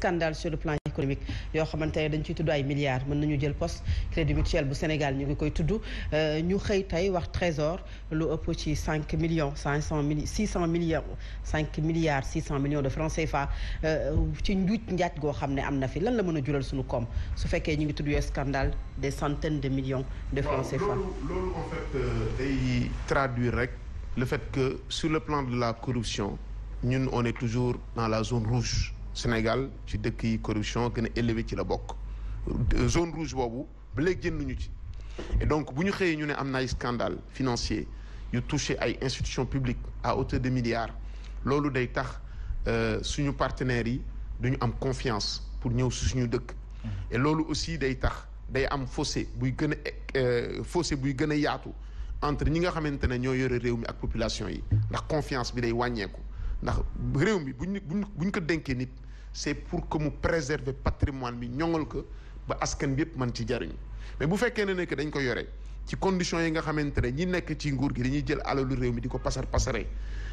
scandale sur le plan économique yoo xamante ne dañ ciy tudd ay milliards mën nañu jël poste crédit mutuel bu Sénégal ñu ngi koy tudd euh, ñu xëy tey wax trésor lu ëpp ci cinq millions cinq cent mille six cent millions cinq milliards six cent millions de francs CFA euh, ci njuuj njaaj goo xam ne am na fi lan la mën a jural suñu koom su fekkee ñu ngi tudd yooyu scandale des centaines de millions de francs CFA loolu en fait euh, day traduire rek le fait que sur le plan de la corruption ñun on est toujours dans la zone rouge Sénégal ci dëkk yi corruption gën a élevé ci la bokk zone rouge boobu ba léegi génnuñu ci et donc bu ñu xëyee ñu ne am na ay scandale financier yu touché ay institutions publiques à hauteur de milliards loolu day tax euh, suñu partenaires yi duñu am confiance pour ñëw si suñu dëkk loolu aussi day tax day am fossé buy gën a euh, fossé buy gën a yaatu entre ñi nga xamante ne ñoo yore réew mi ak population yi ndax confiance bi day wàññeeku ndax réew mi bu ñu buñ buñ ko dénkee nit c'est pour que mu préserver patrimoine bi ñoŋal ko ba askan bi yëpp mën ci jariñu mais bu fekkee ne nekk dañ ko yore ci conditions yi nga xamante ne ñi nekk ci nguur gi dañuy jël alalu réew mi di ko pasar pasare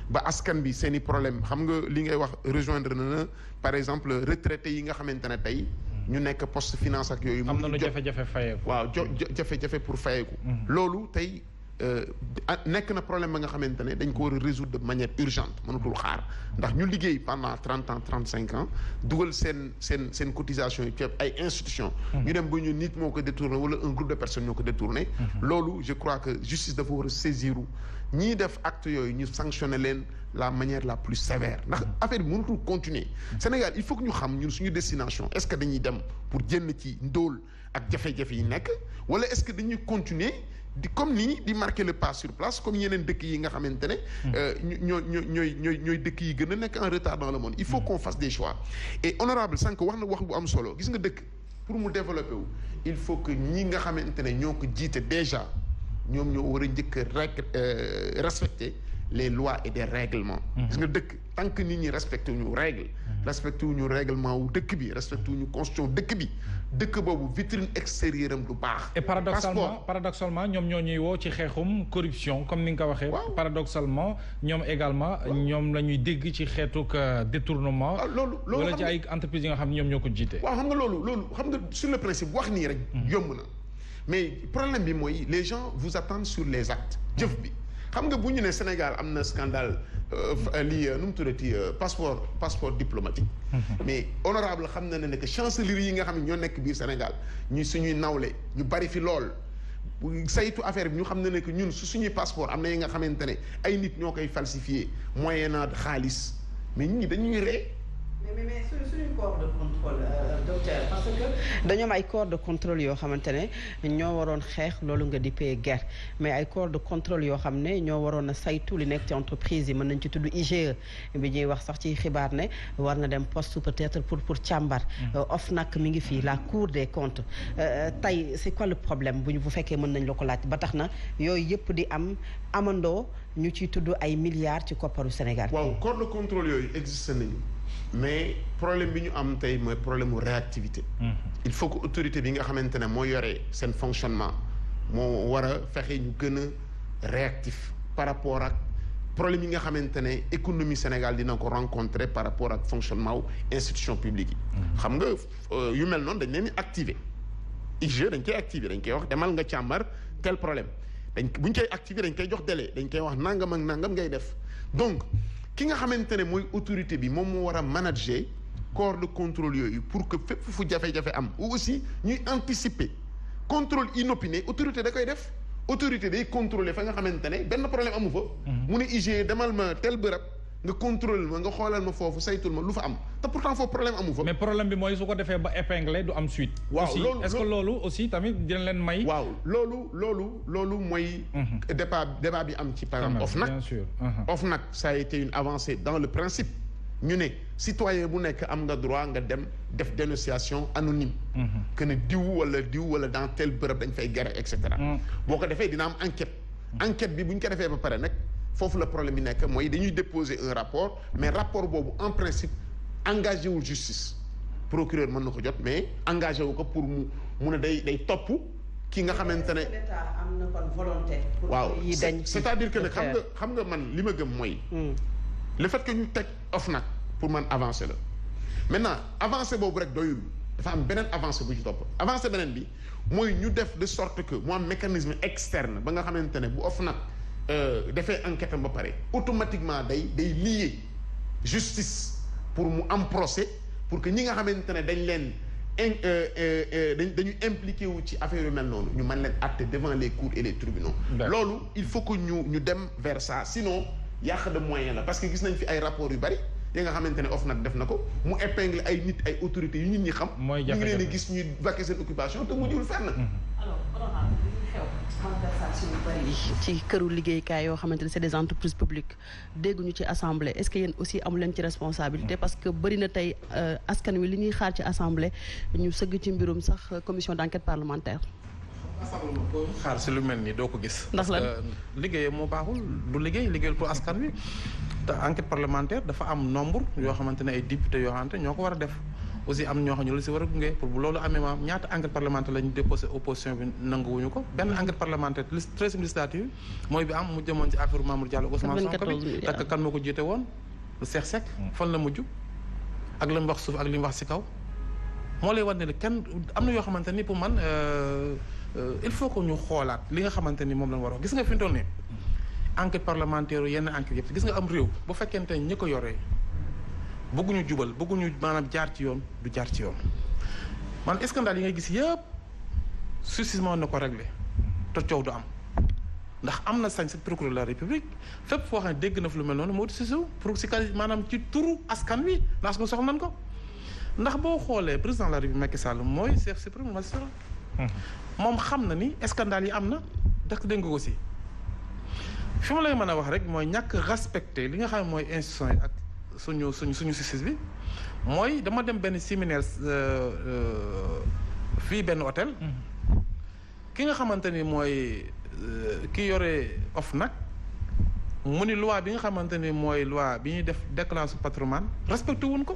ba askan bi seen i problème xam nga li ngay wax rejoindre na na par exemple retraités yi nga xamante ne tey ñu nekk poste finance ak yooyu. am na lu jafe-jafe waaw jo jafe-jafe pour fayeeku. Mm-hmm. loolu tey Euh, ah, nekk na problème ba nga xamante ne dañ ko war a résoudre de manière urgente mënatul xaar ndax ñu liggéey pendant trente ans trente cinq ans dugal seen seen seen cotisation yi ceeb ay institution mmh. ñu dem ba ñu nit moo ko détourné wala un groupe de personnes ñoo ko détourné mmh. loolu je crois que justice dafa war a saisiru ñiy def acte yooyu ñu sanctionner leen la manière la plus sévère ndax mmh. affaire bi mënatul continuer Sénégal il faut ñu xam ñun suñu destination est-ce que dañuy dem pour génn ci ndóol ak jafe yi nekk wala est-ce que dañuy continuer di comme nii di marquer le pas sur place comme yeneen dëkk yi nga xamante ne. Hmm. Euh, ñoo ñoo ñooy ñooy ñooy dëkk yi gën a nekk en retard dans le monde. il faut hmm. qu'on fasse des choix et honorable sànq wax na wax bu am solo gis nga dëkk pour mu développer wu il faut que ñi nga xamante ne ñoo ko jiite déjà ñoom ñoo war a njëkk a euh, respecter. les lois et des règlements. Mhm. gis nga dëkk tant que nit ñi respecté wu ñu règle. Mhm. respecté wu ñu règlement wu dëkk bi respecté wu ñu constitution dëkk bi mhm. dëkk boobu vitrine extérieure am du baax. et paradoxalement paradoxalement ñoom ñoo ñuy woo ci xeexum corruption comme ni nga ko waxee. waaw paradoxalement ñoom également. ñoom la ñuy dégg ci xeetuk euh, détournement. Ah, loolu loolu wala ci ay entreprises yi nga xam ne ñoom ñoo ko jiite. waaw xam nga loolu loolu xam nga sur le principe wax nii rek. yomb na mais problème bi mooy les gens vous attendent sur les actes. jëf bi. xam nga bu ñu ne Sénégal am na scandale euh, lii euh, nu mu tuddati euh, passeport passeport diplomatique. Mm-hmm. mais honorable xam na ne que chancellerie yi nga xam ne ñoo nekk biir Sénégal ñu suñuy nawle ñu bari fi lool. saytu affaire bi ñu xam ne ne ñun su suñuy passeport am na yi nga xamante ne ay nit ñoo koy falsifié moyen de xaalis mais ñi dañuy ree mais euh, ay corps de contrôle yoo xamante ne ñoo waroon xeex loolu nga di pay guerre mais ay corps de contrôle yoo xam ne ñoo waroon a saytu li nekk ci entreprise yi mën nañ ci tudd IGE bi ñuy wax sax ci xibaar ne war na dem poste peut-être pour pour càmbar. Mm. Euh, OFNAC mi ngi fii la cour des comptes euh, tey si quoi problème bu ñu bu fekkee mën nañ la ko laaj ba tax na yooyu yëpp di am amandoo. ñu ci tudd ay milliards ci kopparu Sénégal. waaw corps de contrôle yooyu existé nañu mais problème bi ñu am tey mooy problème mu réactivité. Mm-hmm. il faut que autorité bi nga xamante ne moo yore seen fonctionnement moo war fexe ñu gën a réactif par rapport ak problème yi nga xamante ne économie Sénégal dina ko rencontre par rapport ak fonctionnement wu institution publique yi. Mm-hmm. xam nga euh, yu mel noonu dañ leen di activer. IGE dañ koy activer dañ koy wax demal nga càmbar tel problème. dañ bu ñu koy activer dañ koy jox délai dañ koy wax nangam ak nangam ngay def donc ki nga xamante ne mooy autorité bi moom moo war a manager corps de contrôle yooyu pour que fépp fu jafe-jafe am ou aussi ñuy anticiper noppi inopiné autorité da koy def autorité day contrôler fa nga xamante ne benn problème amu fa. Mhm. mu ne IGE demal ma tele bërëb. nga contrôle ma nga xoolal ma foofu saytul ma lu fa am te pourtant foofu problème amu fa. mais problème bi mooy su ko defee ba épinglé du am suite. waaw loolu est-ce loolu tamit dina leen may. waaw loolu loolu loolu mooy. Mhm. débat débat bi am ci par exemple. OFNAC bien sûr mhm. OFNAC ça a été une avancée dans le principe. ñu ne citoyen bu nekk am nga droit nga dem def dénonciation anonyme mhm. que ne diw wala diw wala dans tel bërëb dañ fay gere et cetera. boo ko defee dina am enquête. enquête bi bu ko defee ba pare nag. foofu la problème bi nekk mooy dañuy déposer un rapport mais rapport boobu en principe engagé wul justice procureur mën na ko jot mais engagé wu ko pour mu mu ne day day topp ki nga xamante ne am na kon volonté waaw c'est-à-dire que ne xam nga xam nga man li ma gëm mooy hmm. le fait que ñu teg nag pour man avancer la maintenant avancer boobu rek doyul dafa am beneen avancer bu ci topp avancé beneen bi mooy ñu def de sorte que mu am mécanisme externe ba nga xamante ne bu nag Euh, dafay enquête am ba pare automatiquement day day lier justice pour mu am procès pour que ñi nga xamante ne dañ leen euh, euh, dañ dañu impliqué wu ci affaire yu mel noonu ñu mën leen àtte devant les cours et les tribunaux loolu il faut que ñu ñu dem vers ça sinon yàq de moyen la parce que gis nañ fi ay rapports yu bari yi nga xamante ne OFNAC def na ko mu épingle ay nit ay autorité yu nit ñi xam ñu ngi leen di gis ñuy vaquer seen occupation te mujjul fenn mhm. alors malversation ci këru liggéeykaay yoo xamante ne c'est des entreprises publiques dégguñu ci assemblée est-ce que yéen aussi amu leen ci responsabilité parce que bëri na tey euh, askan wi li ñuy xaar ci assemblée ñu sëgg ci mbirum sax commission d'enquête parlementaire assemblée ko xaar si lu mel nii doo ko gis ndax la liggéeyam moo baaxul du liggéey liggéeyal pour askan wi te enquête parlementaire dafa am nombre yoo xamante ne ay député yoo xamante ñoo ko war a def aussi am ñoo xam war a gunge pour bu loolu amee maam ñaata enquête parlementaire la ñu déposé opposition bi nanguwuñu ko benn enquête parlementaire mooy bi am mu jëmoon ci affaire Mamour Diallo Ousmane ko jiite woon Cheikh Seck mm. fan la mujj ak li wax suuf ak li mu wax si kaw moo lay wan ne kenn am na yoo xamante ni pour man euh, euh, il faut que ñu xoolaat li nga xamante ni moom la war a gis nga fi mu toll nii mm. enquête parlementaire yenn enquête yëpp gis nga am réew bu fekkente ñi ko yoree bëgguñu jubal bëgguñu maanaam jaar ci yoon du jaar ci yoon man scandale yi ngay gis yëpp successivement na ko réglé te coow du am ndax am na sañ sa procureur de la république fépp foo xam ne dégg na fu lu mel noonu moo di susu pour si maanaam ci turu askan wi naas nga soxla nan ko ndax boo xoolee président de la république Macky Sall mooy chef suprême magistrat moom xam na ni scandale yi am na ndax dégg nga ko si fi ma lay mën a wax rek mooy ñàkk respecté li nga xam ne mooy institution yi ak. suñu suñu suñu justice bi mooy dama dem benn séminaire euh, euh, fii benn hôtel. Mm-hmm. ki nga xamante ni mooy euh, ki yore nag mu ni loi bi nga xamante ni mooy loi bi ñuy def déclaration patrimoine respecté wuñ ko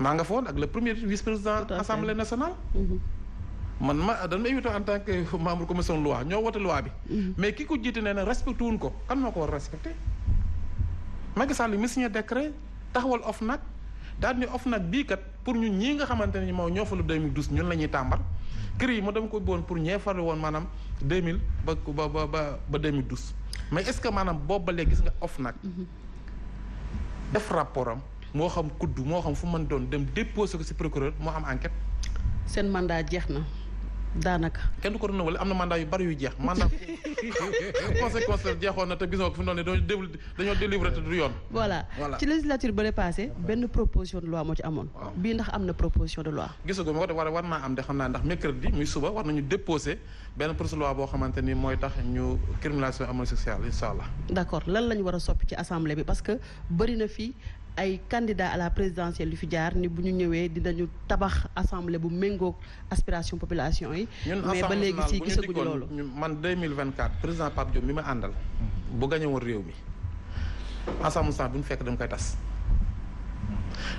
naa nga foon ak le premier vice président assemblée nationale mm-hmm. man ma dañ ma invité en tant que membre commission loi ñoo wote loi bi mm-hmm. mais ki ko jiite nee na respecté wuñ ko kan moo ko war respecté Macky Sall mi signé décret taxawal nag daal ni OFNAC bii kat pour ñun ñii nga xamante ne moo ñoo fa lu 2012 ñun la ñuy tàmbar kër yi ma dama ko boon pour ñee farlu woon maanaam 2000 ba ba ba ba 2012 mais est-ce que maanaam boobu ba léegi gis nga nag def rapport am moo xam kudd moo xam fu mën doon dem déposé ko ci procureur moo am enquête. seen mandat jeex na. daanaka. kenn du ko renouvelé am na mandat yu bari yu jeex mandat conséquence jeexoon na te gisoo ko fi noonu ne dañoo dañoo délivré te du yoon. voilà ci législature ba passé benn proposition de loi moo ci amoon. bii ndax am na proposition de loi. gisagu ma ko war war naa am de xam naa ndax mercredi muy suba war nañu déposé benn proposition de loi boo xamante ni mooy tax ñu criminalisation homosexuelle incha allah. d' accord lan la ñu war a soppi ci assemblée bi parce que bëri na fii. ay candidats à la présidentielle yu fi jaar ni bu ñu ñëwee dinañu tabax assemblée bu méngoog aspiration population yi. mais ba léegi si gisaguñu loolu man 2024 président Pape Diop mi ma àndal. bu gañe woon réew mi assemblée nationale bu ñu fekk dama koy tas.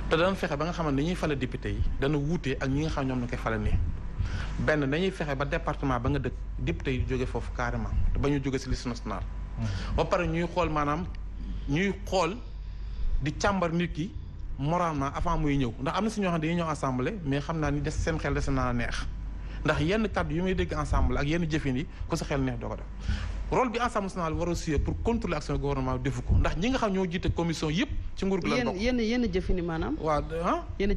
te danañ fexe ba nga xam ne ñuy fale député yi dana wuute ak ñi nga xam ñoom na koy fale nii benn dañuy fexe ba département ba nga dëkk député yi jóge foofu carrément ba ñu jóge si liste nationale. Mm-hmm. ba pare ñuy xool maanaam ñuy xool. di càmbar nit ki moralement avant muy ñëw ndax am na si ñoo xam ne dañuy ni des seen xel des naa neex ndax yenn kàddu yu may dégg ensemble ak yenn jëfin yi ku sa xel neex doo ko def nga xam ñoo jiite commission yëpp ci nguur gi la bokk yenn yenn jëfini maanaam waaw ah yenn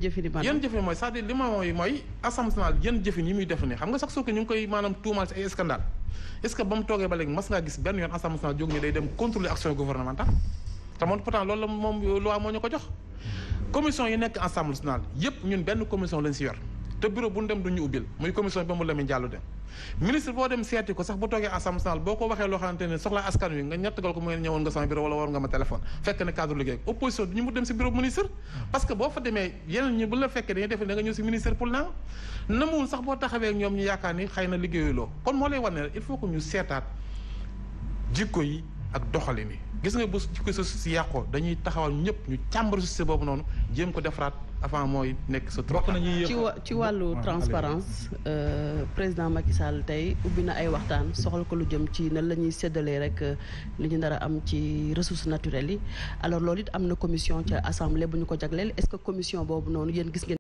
jëfini mu toogee ba léegi mas ngaa gis benn yoon Assemblée nationale jóg ni day dem contrôler action gouvernementale te moom pourtant loolu la moom loi moo ñu ko jox commission yi nekk Assemblée nationale yépp ñun benn commission lañ si yor te bureau bu ñu dem du ñu ubbil muy commission ba mu la boo dem seeti ko sax bu toogee Assemblée boo ko waxee loo ne soxla askan wi nga ñettagal ko mu ngeen ñëwoon nga sama bureau wala war nga ma téléphone fekk ne cadre liggéey opposition du mu dem si bureau ministre parce boo fa demee yeneen ñu bu la fekkee dañuy def da nga ñëw si ministère pour naa namuwul sax boo taxawee ñoom ñu yaakaar ni xëy na liggéeyuloo kon moo lay wan ne il faut yi ak doxali mi gis nga bu ko sa si yàqoo dañuy taxawal ñëpp ñu càmbar société boobu noonu jéem ko defaraat avant mooy nekk sa trop ci ci wàllu transparence euh, président Macky Sall tey ubbi na ay waxtaan soxal ko lu jëm ci nan la ñuy séddalee rek euh, li ñu nar a am ci ressources naturelles yi alors loolu it am na commission ca assemblée bu ñu ko jagleel est-ce que commission boobu noonu yéen gis ngeen